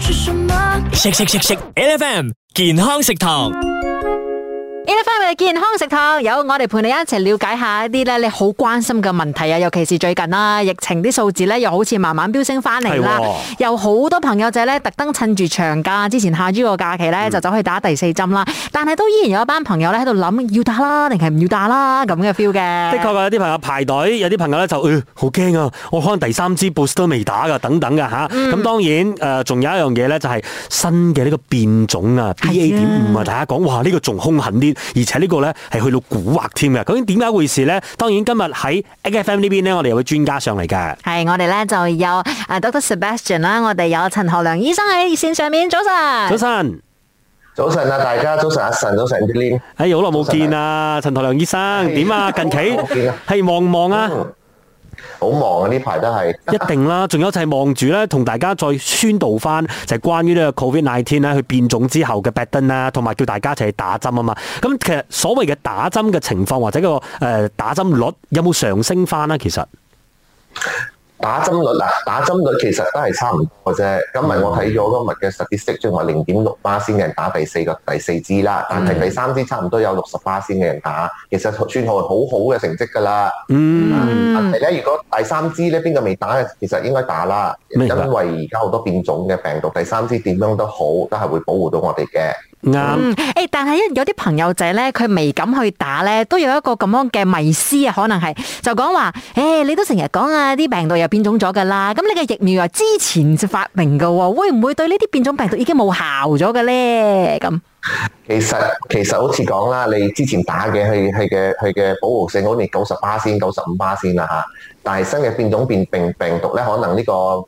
食食食食，食 L F M 健康食堂。健康食堂有我哋陪你一齊了解一下一啲咧你好關心嘅問題啊，尤其是最近啦，疫情啲數字咧又好似慢慢飆升翻嚟啦，的有好多朋友仔咧特登趁住長假之前下豬個假期咧就走去打第四針啦，嗯、但係都依然有一班朋友咧喺度諗要打啦，定係唔要打啦咁嘅 feel 嘅。的確有啲朋友排隊，有啲朋友咧就好驚、哎、啊，我可能第三支 booster 都未打噶，等等噶吓。咁、啊嗯、當然誒，仲、呃、有一樣嘢咧就係新嘅呢個變種啊，BA. 點五啊，大家講哇呢、這個仲凶狠啲，而且。個呢個咧係去到古惑添嘅，究竟點解回事咧？當然今日喺 A F M 邊呢邊咧，我哋有專家上嚟㗎。係我哋咧就有 Doctor Sebastian 啦，我哋有陳沱良醫生喺線上面。早晨，早晨安，早晨啊大家，早晨啊晨早晨 b i，哎好耐冇見啊，安陳沱良醫生點是啊？近期係 忙唔忙啊？嗯好忙啊！呢排都係一定啦，仲有就係望住咧，同大家再宣導翻就係關於呢個 Covid nineteen 咧，佢變種之後嘅 baden 啦，同埋叫大家一齊打針啊嘛。咁、嗯、其實所謂嘅打針嘅情況或者嗰、那個誒、呃、打針率有冇上昇翻呢？其實。打針率嗱、啊，打針率其實都係差唔多嘅啫。今日我睇咗今日嘅 statistics 即係話零點六巴仙嘅人打第四個第四支啦，但係第三支差唔多有六十巴仙嘅人打，其實算係好好嘅成績㗎啦。嗯，問題咧，如果第三支咧邊個未打嘅，其實應該打啦，因為而家好多變種嘅病毒，第三支點樣都好，都係會保護到我哋嘅。啱，誒、嗯，但係一有啲朋友仔咧，佢未敢去打咧，都有一個咁樣嘅迷思啊，可能係就講話，誒、欸，你都成日講啊，啲病毒又變種咗噶啦，咁你嘅疫苗又之前就發明噶，會唔會對呢啲變種病毒已經冇效咗嘅咧？咁。其實其實好似講啦，你之前打嘅，佢係嘅係嘅保護性好似九十八先九十五巴仙啦吓，但係新嘅變種變病病毒咧，可能呢個誒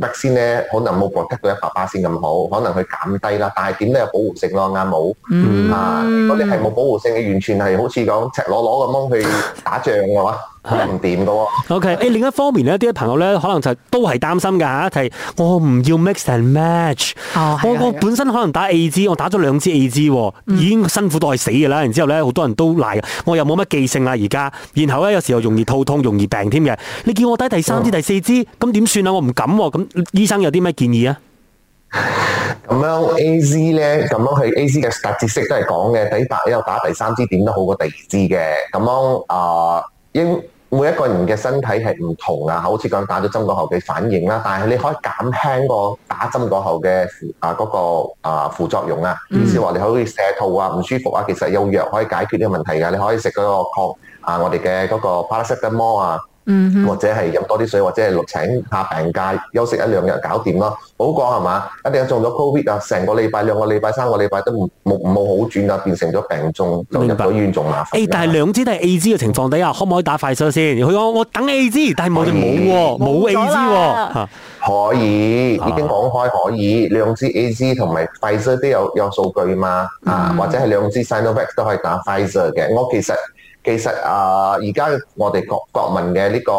vaccine 咧可能冇獲得到一百巴仙咁好，可能佢減低啦。但係點都有保護性咯，啱冇啊？嗰啲係冇保護性嘅，完全係好似講赤裸裸咁去打仗嘅話。 係唔掂噶？OK，誒，另一方面呢啲朋友咧，可能就是、都係擔心噶吓，係、就是、我唔要 mix and match。哦，我本身可能打 A 支，我打咗兩支 A 支、嗯，已經辛苦到係死噶啦。然之後咧，好多人都賴，我又冇乜記性啦，而家。然後咧，有時候容易肚痛，容易病添嘅。你叫我打第三支、嗯、第四支，咁點算啊？我唔敢。咁醫生有啲咩建議啊？咁樣 A 支咧，咁樣喺 A 支嘅特色都係講嘅，打又打第三支點都好過第二支嘅。咁樣啊、呃，應。每一個人嘅身體係唔同啊，好似講打咗針過後嘅反應啦，但係你可以減輕個打針過後嘅啊個啊副作用啊，意思話你可以瀉肚啊、唔舒服啊，其實有藥可以解決呢個問題噶，你可以食嗰個抗啊我哋嘅嗰個 paracetamol 啊。嗯，mm hmm. 或者係飲多啲水，或者係請下病假休息一兩日搞掂咯，好講係嘛？一定中咗 COVID 啊，成個禮拜、兩個禮拜、三個禮拜都冇冇好轉啊，變成咗病中，白入咗院仲麻煩、欸。但係兩支都係 AZ 嘅情況底下，可唔可以打 i 瑞先？佢講我等 AZ，但係冇冇冇 AZ 可以，已經講開可以，兩支 AZ 同埋輝 r 都有有數據嘛？Mm hmm. 啊，或者係兩支 Sinovac 都可以打輝 r 嘅。我其實。其實啊，而家我哋國國民嘅呢、這個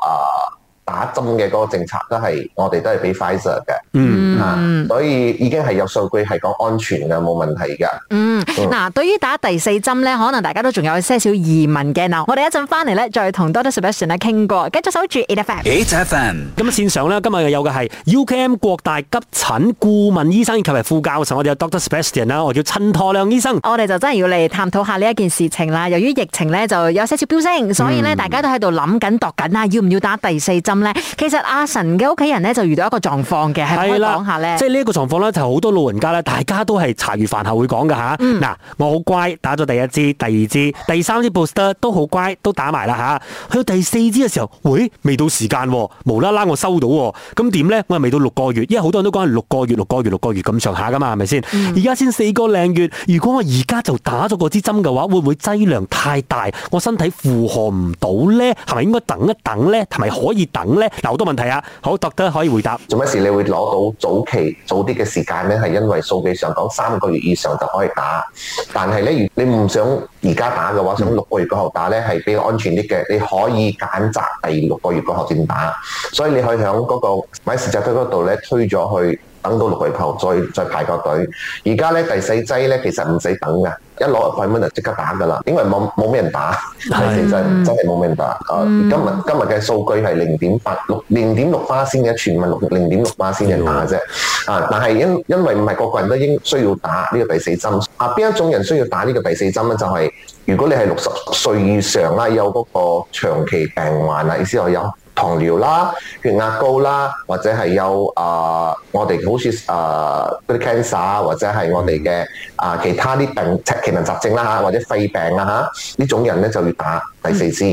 啊。打針嘅嗰個政策都係我哋都係俾 Pfizer 嘅，嗯、啊，所以已經係有數據係講安全嘅，冇問題嘅。嗯，嗱、嗯啊，對於打第四針咧，可能大家都仲有些少疑問嘅。嗱、呃，我哋一陣翻嚟咧，再同 Dr. Sebastian 傾過，跟住守住8:5。8:5，咁 It 's、嗯、線上咧，今日有嘅係 UKM 國大急診顧問醫生及埋副教授，我哋有 Dr. Sebastian 啦，我叫陳沱良醫生。我哋就真係要嚟探討下呢一件事情啦。由於疫情咧就有些少飆升，所以咧、嗯、大家都喺度諗緊度緊啊，要唔要打第四針？其實阿神嘅屋企人咧就遇到一個狀況嘅，係咪的？可以講下咧？即係呢一個狀況咧，就好多老人家咧，大家都係茶餘飯後會講噶吓。嗱、嗯，我好乖，打咗第一支、第二支、第三支 booster 都好乖，都打埋啦吓。去、啊、到第四支嘅時候，喂、欸，未到時間、啊，無啦啦我收到、啊，咁點咧？我係未到六個月，因為好多人都講係六個月、六個月、六個月咁上下噶嘛，係咪先？而家先四個零月，如果我而家就打咗嗰支針嘅話，會唔會劑量太大？我身體負荷唔到咧？係咪應該等一等咧？係咪可以等，等？是咁咧，嗱好多問題啊！好，doctor 可以回答。做乜事？你會攞到早期早啲嘅時間咧？係因為數據上講三個月以上就可以打，但係咧，如你唔想而家打嘅話，想六個月嗰後打咧，係比較安全啲嘅。你可以揀擇第六個月嗰後先打，所以你可以響嗰個 MySejahtera 嗰度咧推咗去。等到六月頭再再排個隊，而家咧第四劑咧其實唔使等噶，一攞入塊蚊就即刻打噶啦。因為冇冇咩人打，係第四劑真係冇咩人打。啊的，今日今日嘅數據係零點八六，零點六八先嘅全民六零點六巴仙嘅打啫。啊的，但係因因為唔係個個人都應需要打呢個第四針。啊，邊一種人需要打呢個第四針咧？就係、是、如果你係六十歲以上啦，有嗰個長期病患啦，意思我有。糖尿啦、啊、血壓高啦、啊，或者係有啊、呃，我哋好似啊嗰啲 cancer 或者係我哋嘅啊其他啲病、奇難雜症啦、啊、嚇，或者肺病啊嚇，呢種人咧就要打第四支、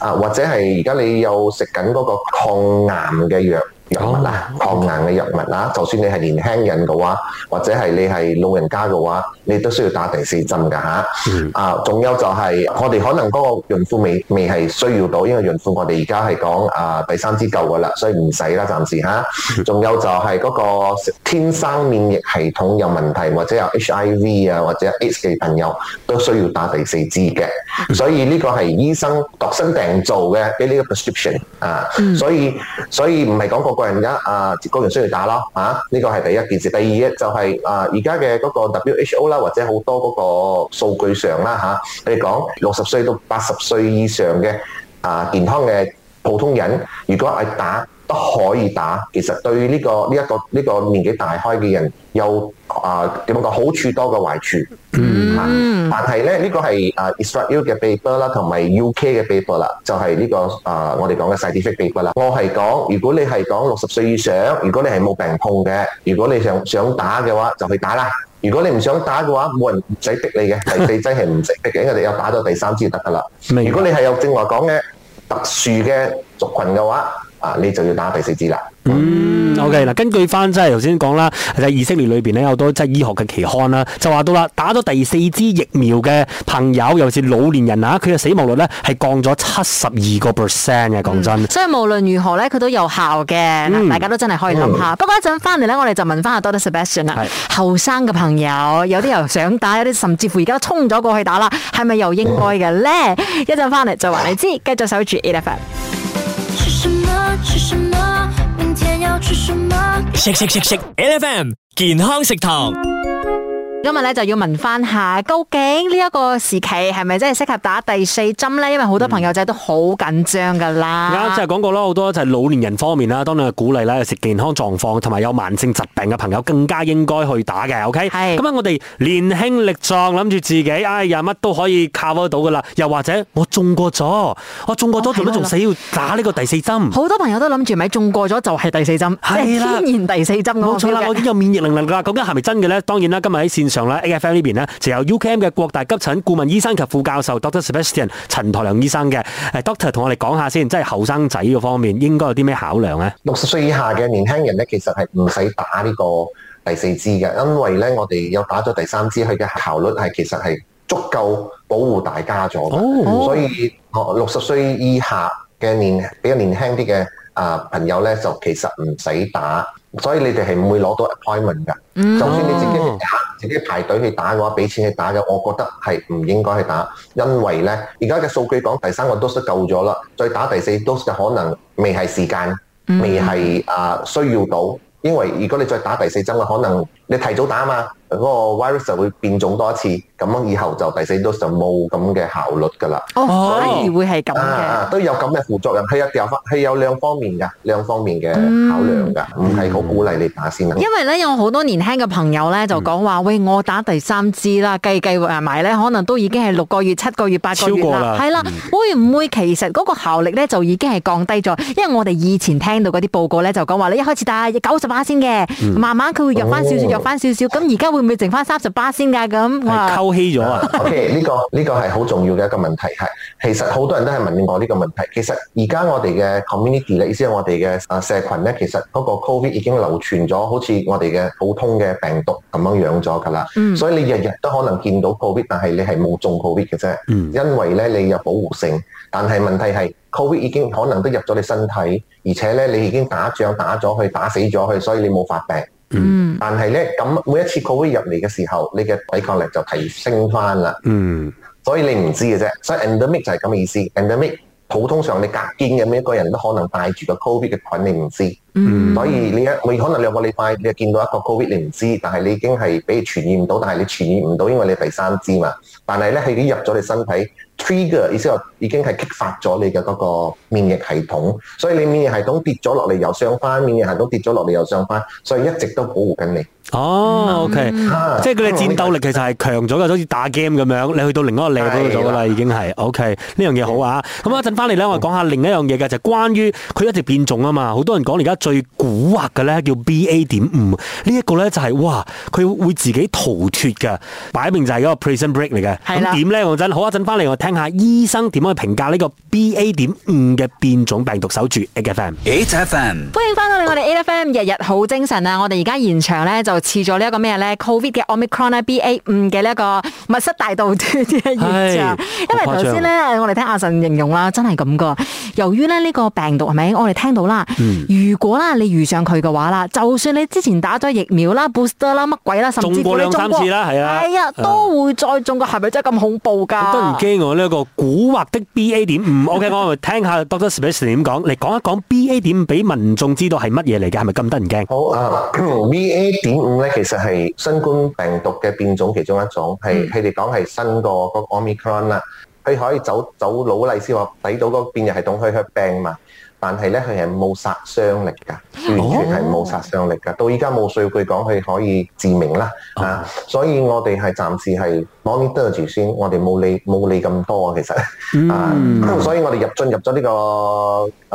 嗯、啊，或者係而家你有食緊嗰個抗癌嘅藥。藥物啦，抗癌嘅藥物啦，oh, okay. 就算你係年輕人嘅話，或者係你係老人家嘅話，你都需要打第四針嘅吓。Mm. 啊，仲有就係我哋可能嗰個孕婦未未係需要到，因為孕婦我哋而家係講啊第三支夠噶啦，所以唔使啦，暫時吓。仲、啊 mm. 有就係嗰個天生免疫系統有問題，或者有 HIV 啊或者 AIDS 嘅朋友都需要打第四支嘅。Mm. 所以呢個係醫生度身訂造嘅呢個 prescription 啊，mm. 所以所以唔係講個個人而家啊，個人需要打咯嚇，呢個係第一件事。第二就係啊，而家嘅嗰個 WHO 啦，或者好多嗰個數據上啦嚇，你講六十歲到八十歲以上嘅啊健康嘅普通人，如果係打。都可以打，其實對呢、這個呢一、這個呢、這個年紀大開嘅人有啊點講好處多過壞處。嗯、mm.，但係咧呢個係啊 Israel 嘅鼻骨啦，同埋 UK 嘅 paper 啦，就係、是、呢、這個啊我哋講嘅細啲 fit e r 啦。我係講如果你係講六十歲以上，如果你係冇病痛嘅，如果你想想打嘅話，就去打啦。如果你唔想打嘅話，冇人唔使逼你嘅第四劑係唔使逼嘅，我哋 有打咗第三支就得噶啦。白如果你係有正話講嘅特殊嘅族群嘅話，啊！你就要打第四支啦。嗯，OK 嗱，根據翻即係頭先講啦，其、就、實、是、以色列裏邊咧有好多即係醫學嘅期刊啦，就話到啦，打咗第四支疫苗嘅朋友，尤其是老年人啊，佢嘅死亡率咧係降咗七十二個 percent 嘅。講真、嗯，所以無論如何咧，佢都有效嘅。嗯、大家都真係可以諗下。嗯、不過一陣翻嚟咧，我哋就問翻阿 Doctor Sebastian 啦。後生嘅朋友，有啲又想打，有啲甚至乎而家衝咗過去打啦，係咪又應該嘅咧？嗯、一陣翻嚟就話你知，繼續守住 AI FM 吃什麼？明天要吃什麼？食食食食食, L F M 健康食堂。今日咧就要問翻下究竟呢一個時期係咪真係適合打第四針咧？因為好多朋友仔都好緊張噶啦。而家就係講過啦，好多就係老年人方面啦，當你係鼓勵咧食健康狀況同埋有慢性疾病嘅朋友更加應該去打嘅。OK，咁啊是、嗯嗯嗯！我哋年輕力壯，諗住自己唉、哎、呀乜都可以靠得到噶啦。又或者我中過咗，我中過咗，點解仲死要打呢個第四針？好多朋友都諗住咪中過咗就係第四針，係天然第四針。冇錯啦，我已經有免疫能力㗎。究竟係咪真嘅咧？當然啦，今日喺線上。上咧，A F M 呢邊咧就有 U K M 嘅國大急診顧問醫生及副教授 Doctor Sebastian 陳沱良醫生嘅 Doctor 同我哋講下先，即係後生仔嗰方面應該有啲咩考量咧？六十歲以下嘅年輕人咧，其實係唔使打呢個第四支嘅，因為咧我哋有打咗第三支，佢嘅效率係其實係足夠保護大家咗，oh. 所以六十歲以下嘅年比較年輕啲嘅啊朋友咧，就其實唔使打。所以你哋係唔會攞到 appointment 㗎。Mm hmm. 就算你自己打，自己排隊去打嘅話，俾錢去打嘅，我覺得係唔應該去打，因為呢而家嘅數據講第三個 dose 都夠咗啦，再打第四 dose 就可能未係時間，未係啊需要到，mm hmm. 因為如果你再打第四針，真係可能。你提早打嘛，嗰、那個 virus 就會變種多一次，咁樣以後就第四 d 就冇咁嘅效率㗎啦。哦，反而以會係咁嘅，都有咁嘅副作用，係啊，有方係有兩方面㗎，兩方面嘅考量㗎，唔係好鼓勵你打先、嗯、因為咧有好多年輕嘅朋友咧就講話、嗯、喂，我打第三支啦，計計埋咧，可能都已經係六個月、七個月、八個月啦，係啦、嗯，會唔會其實嗰個效力咧就已經係降低咗？因為我哋以前聽到嗰啲報告咧就講話你一開始打九十八先嘅，慢慢佢會弱翻少少。翻少少，咁而家會唔會剩翻三十八先㗎？咁哇、嗯，溝氣咗啊！OK，呢、呢個呢、呢個係好重要嘅一個問題係， 其實好多人都係問我呢個問題。其實而家我哋嘅 community 咧，意思係我哋嘅啊社群咧，其實嗰個 covid 已經流傳咗，好似我哋嘅普通嘅病毒咁樣樣咗㗎啦。嗯、所以你日日都可能見到 covid，但係你係冇中 covid 嘅啫。因為咧你有保護性，但係問題係 covid 已經可能都入咗你身體，而且咧你已經打仗打咗佢，打死咗佢，所以你冇發病。嗯，mm hmm. 但係咧咁每一次 COVID 入嚟嘅時候，你嘅抵抗力就提升翻啦。嗯、mm hmm.，所以你唔知嘅啫。所以 endemic 就係咁嘅意思。endemic 普通上你隔堅嘅每一個人都可能帶住個 COVID 嘅菌，你唔知。嗯、mm，hmm. 所以你一，你可能兩個禮拜你就見到一個 COVID 你唔知，但係你已經係俾你傳染到，但係你傳染唔到，因為你第三支嘛。但係咧，佢已經入咗你身體。trigger 意思話已經係激發咗你嘅嗰個免疫系統，所以你免疫系統跌咗落嚟又上翻，免疫系統跌咗落嚟又上翻，所以一直都保護緊你。哦，OK，嗯、即係佢嘅戰鬥力其實係強咗嘅，好似、嗯、打 game 咁樣，你去到另一個 level 咗啦，的已經係 OK 的。呢樣嘢好啊，咁一陣翻嚟咧，我哋講下另一樣嘢嘅，就係、是、關於佢一直變種啊嘛。好多人講而家最蠱惑嘅咧叫 BA 點五，呢、這、一個咧就係、是、哇，佢會自己逃脫嘅，擺明就係嗰個 prison break 嚟嘅。咁點咧？講真，好一陣翻嚟我。聽下醫生點樣去評價呢個？B A 點五嘅變種病毒守住，A F M，A F M，歡迎翻到嚟我哋 A F M，日日好精神啊！我哋而家現場咧就似咗呢一個咩咧？Covid 嘅 Omicron B A 五嘅呢一個密室大逃脫嘅現場，因為頭先咧我哋聽阿神形容啦，真係咁噶。由於咧呢個病毒係咪？我哋聽到啦，如果啦你遇上佢嘅話啦，就算你之前打咗疫苗啦、booster 啦、乜鬼啦，甚至過你再中，中過兩三次啦，係啊，都會再中嘅，係咪真係咁恐怖噶？都唔驚我呢、這個蠱惑的 B A 點五。O K，我嚟聽下 Doctor Smith 點講，嚟講一講 B A 點五俾民眾知道係乜嘢嚟嘅，係咪咁得人驚？好啊，B A 點五咧，其實係新冠病毒嘅變種其中一種，係佢哋講係新個個 Omicron 啦，佢可以走走老例先話抵到個變，又係懂佢佢病嘛。但係咧，佢係冇殺傷力㗎，完全係冇殺傷力㗎。Oh. 到依家冇數據講佢可以致命啦，oh. 啊！所以我哋係暫時係 monitor 住先，我哋冇理冇理咁多其實，mm. 啊！所以我哋入進入咗呢、這個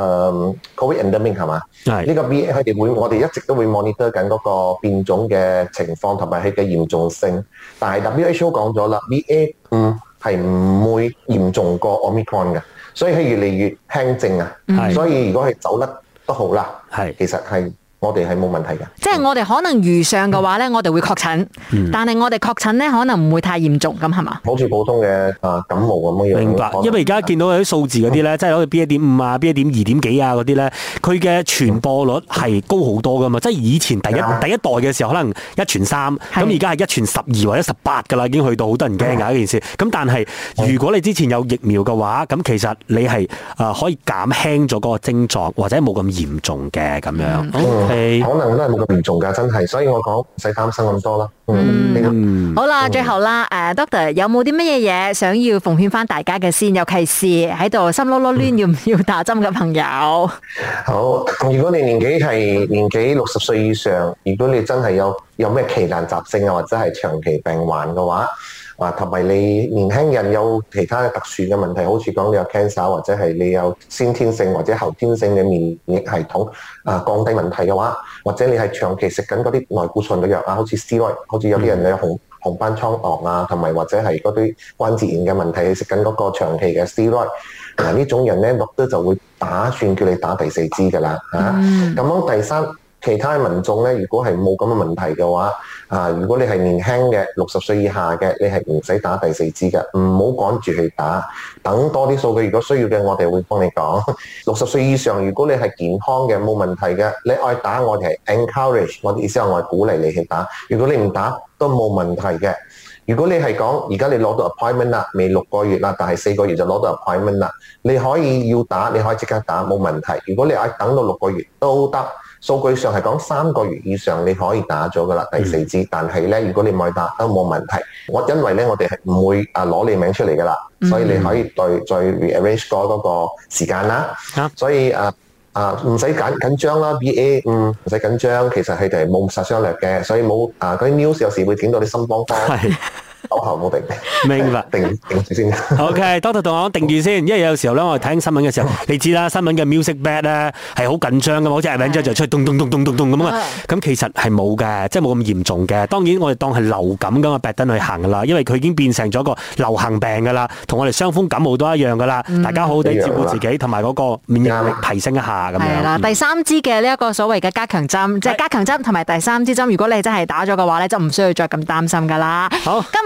誒 COVID endemic 係嘛？係、呃、呢 Yes. 個 BA 佢哋會，我哋一直都會 monitor 緊嗰個變種嘅情況同埋佢嘅嚴重性。但係 WHO 講咗啦，BA 五係唔會嚴重過 Omicron 嘅。所以佢越嚟越輕症啊，是所以如果佢走甩都好啦，是其實係。我哋係冇問題嘅，即係我哋可能遇上嘅話咧，嗯、我哋會確診，但係我哋確診咧，可能唔會太嚴重咁，係嘛？好似普通嘅啊感冒咁樣樣。明白，可能因為而家見到有啲數字嗰啲咧，嗯、即係好似 B 一點五啊、B 一點二點幾啊嗰啲咧，佢嘅傳播率係高好多噶嘛，即係以前第一、嗯、第一代嘅時候可能一傳三，咁而家係一傳十二或者十八噶啦，已經去到好多人驚噶一件事。咁但係如果你之前有疫苗嘅話，咁其實你係啊可以減輕咗嗰個症狀或者冇咁嚴重嘅咁樣。嗯 可能都係冇咁嚴重噶，真係，所以我講唔使擔心咁多啦。嗯，嗯嗯好啦，最後啦，誒、啊、Doctor 有冇啲乜嘢嘢想要奉勸翻大家嘅先？尤其是喺度心囉囉攣要唔要打針嘅朋友、嗯？好，如果你年紀係年紀六十歲以上，如果你真係有有咩奇難雜症啊，或者係長期病患嘅話。同埋你年輕人有其他嘅特殊嘅問題，好似講你有 cancer 或者係你有先天性或者後天性嘅免疫系統啊降低問題嘅話，或者你係長期食緊嗰啲內固醇嘅藥啊，好似 steroid 好似有啲人有紅紅斑瘡癌啊，同埋或者係嗰啲關節炎嘅問題，你食緊嗰個長期嘅 steroid 呢、啊、種人呢，麥都就會打算叫你打第四支㗎啦嚇。咁、啊嗯、樣第三。其他民眾呢，如果係冇咁嘅問題嘅話，啊，如果你係年輕嘅，六十歲以下嘅，你係唔使打第四支嘅，唔好趕住去打，等多啲數據。如果需要嘅，我哋會幫你講。六 十歲以上，如果你係健康嘅，冇問題嘅，你愛打，我哋係 encourage，我嘅意思係我鼓勵你去打。如果你唔打都冇問題嘅。如果你係講而家你攞到 appointment 啦，未六個月啦，但係四個月就攞到 appointment 啦，你可以要打，你可以即刻打冇問題。如果你啊等到六個月都得，數據上係講三個月以上你可以打咗噶啦第四支，嗯、但係咧如果你唔去打都冇問題。我因為咧我哋係唔會啊攞你名出嚟噶啦，所以你可以再再 rearrange 過嗰個時間啦。嗯嗯所以誒。Uh, 啊，唔使緊緊張啦，B A，嗯，唔使緊張，其實係就係冇殺傷力嘅，所以冇，啊，嗰啲 news 有時會點到你心慌慌。 OK，多謝同我定住先，因為有時候咧，我哋睇新聞嘅時候， 你知啦，新聞嘅 music bed 咧係好緊張噶嘛，好似係然之後就出去咚咚咚咚咚咁啊。咁的其實係冇嘅，即係冇咁嚴重嘅。當然我哋當係流感咁啊，bed 等佢行啦。因為佢已經變成咗個流行病噶啦，同我哋傷風感冒都一樣噶啦。大家好好地、嗯、照顧自己，同埋嗰個免疫力提升一下咁樣。啦，第三支嘅呢一個所謂嘅加強針，即係加強針同埋第三支針，如果你真係打咗嘅話咧，就唔需要再咁擔心噶啦。好，今日。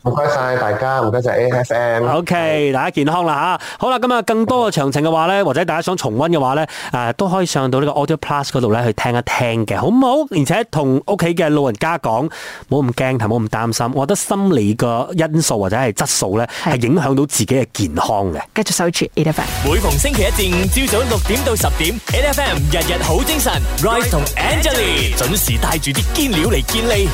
唔該晒大家，唔該晒 A F M。O K，大家健康啦吓，好啦，咁啊，更多嘅詳情嘅話咧，或者大家想重溫嘅話咧，啊、呃，都可以上到呢個 Auto Plus 嗰度咧去聽一聽嘅，好唔好？而且同屋企嘅老人家講，唔好咁驚，同唔好咁擔心。我覺得心理嘅因素或者係質素咧，係影響到自己嘅健康嘅。繼續收聽 A F M，每逢星期一至五朝早六點到十點，A F M 日日好精神，Rise 同 Angelie 準時帶住啲堅料嚟健力。